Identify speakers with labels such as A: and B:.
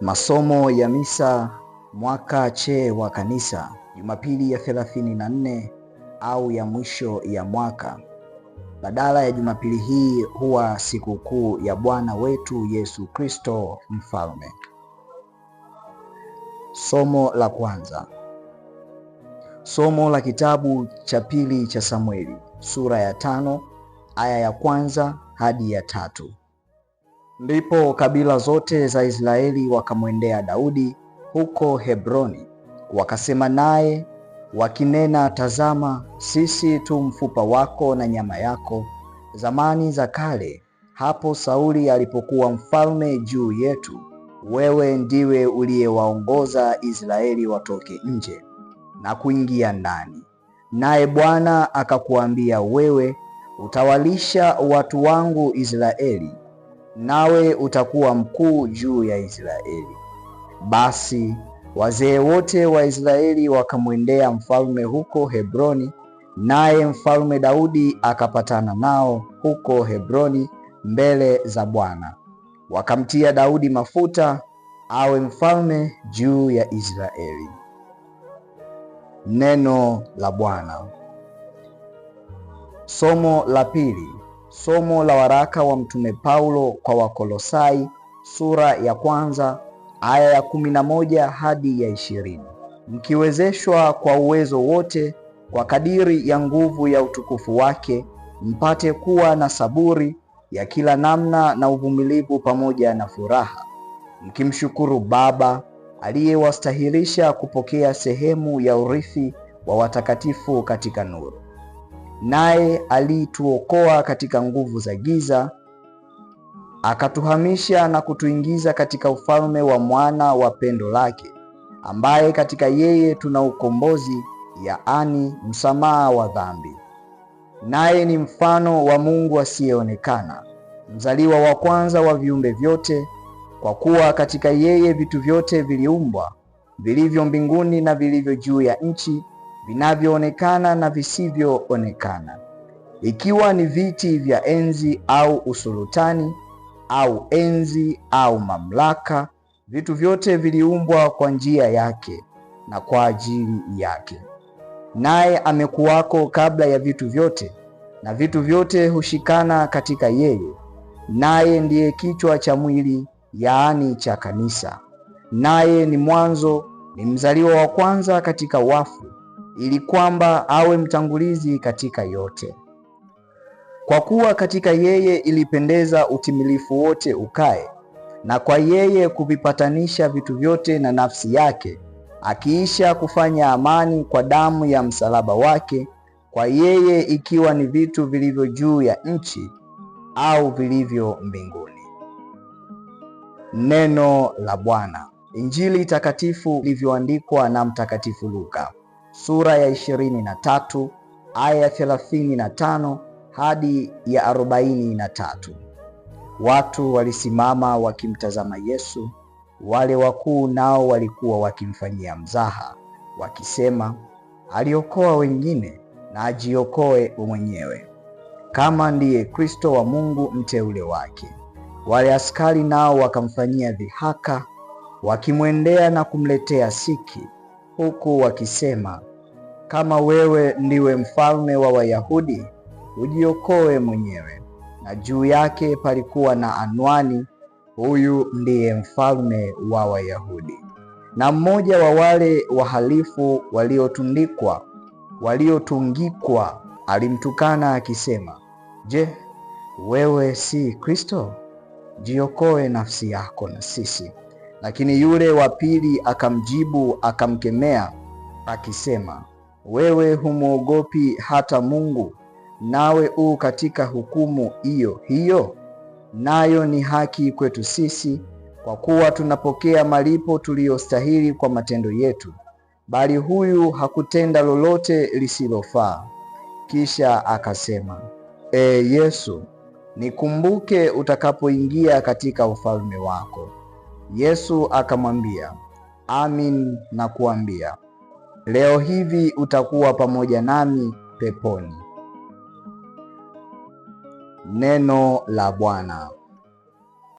A: Masomo ya misa mwaka che wa kanisa, Jumapili ya 34 au ya mwisho ya mwaka. Badala ya Jumapili hii huwa sikukuu ya Bwana wetu Yesu Kristo Mfalme. Somo la kwanza. Somo la kitabu cha pili cha Samueli, sura ya tano aya ya kwanza hadi ya tatu. Ndipo kabila zote za Israeli wakamwendea Daudi huko Hebroni, wakasema naye wakinena, tazama, sisi tu mfupa wako na nyama yako. Zamani za kale, hapo Sauli alipokuwa mfalme juu yetu, wewe ndiwe uliyewaongoza Israeli watoke nje na kuingia ndani, naye Bwana akakuambia wewe utawalisha watu wangu Israeli nawe utakuwa mkuu juu ya Israeli. Basi wazee wote wa Israeli wakamwendea mfalme huko Hebroni, naye mfalme Daudi akapatana nao huko Hebroni mbele za Bwana. Wakamtia Daudi mafuta awe mfalme juu ya Israeli. Neno la Bwana. Somo la pili Somo la waraka wa Mtume Paulo kwa Wakolosai sura ya kwanza aya ya kumi na moja hadi ya ishirini. Mkiwezeshwa kwa uwezo wote kwa kadiri ya nguvu ya utukufu wake, mpate kuwa na saburi ya kila namna na uvumilivu pamoja na furaha, mkimshukuru Baba aliyewastahilisha kupokea sehemu ya urithi wa watakatifu katika nuru naye aliituokoa katika nguvu za giza, akatuhamisha na kutuingiza katika ufalme wa mwana wa pendo lake, ambaye katika yeye tuna ukombozi, yaani msamaha wa dhambi. Naye ni mfano wa Mungu asiyeonekana, mzaliwa wa kwanza wa viumbe vyote, kwa kuwa katika yeye vitu vyote viliumbwa, vilivyo mbinguni na vilivyo juu ya nchi vinavyoonekana na visivyoonekana, ikiwa ni viti vya enzi au usultani au enzi au mamlaka. Vitu vyote viliumbwa kwa njia yake na kwa ajili yake, naye amekuwako kabla ya vitu vyote, na vitu vyote hushikana katika yeye. Naye ndiye kichwa cha mwili, yaani cha kanisa, naye ni mwanzo, ni mzaliwa wa kwanza katika wafu ili kwamba awe mtangulizi katika yote. Kwa kuwa katika yeye ilipendeza utimilifu wote ukae, na kwa yeye kuvipatanisha vitu vyote na nafsi yake, akiisha kufanya amani kwa damu ya msalaba wake, kwa yeye ikiwa ni vitu vilivyo juu ya nchi au vilivyo mbinguni. Neno la Bwana. Injili takatifu ilivyoandikwa na Mtakatifu Luka sura ya 23 aya ya 35 hadi ya 43. Watu walisimama wakimtazama Yesu, wale wakuu nao walikuwa wakimfanyia mzaha wakisema, aliokoa wengine na ajiokoe mwenyewe kama ndiye Kristo wa Mungu mteule wake. Wale askari nao wakamfanyia dhihaka, wakimwendea na kumletea siki, huku wakisema kama wewe ndiwe mfalme wa Wayahudi, ujiokoe mwenyewe. Na juu yake palikuwa na anwani, huyu ndiye mfalme wa Wayahudi. Na mmoja wa wale wahalifu waliotundikwa waliotungikwa alimtukana akisema, Je, wewe si Kristo? Jiokoe nafsi yako na sisi. Lakini yule wa pili akamjibu akamkemea akisema wewe humwogopi hata Mungu, nawe u katika hukumu hiyo hiyo, nayo ni haki kwetu sisi, kwa kuwa tunapokea malipo tuliyostahili kwa matendo yetu, bali huyu hakutenda lolote lisilofaa. Kisha akasema, E Yesu, nikumbuke utakapoingia katika ufalme wako. Yesu akamwambia, Amin, nakuambia leo hivi utakuwa pamoja nami peponi. Neno la Bwana.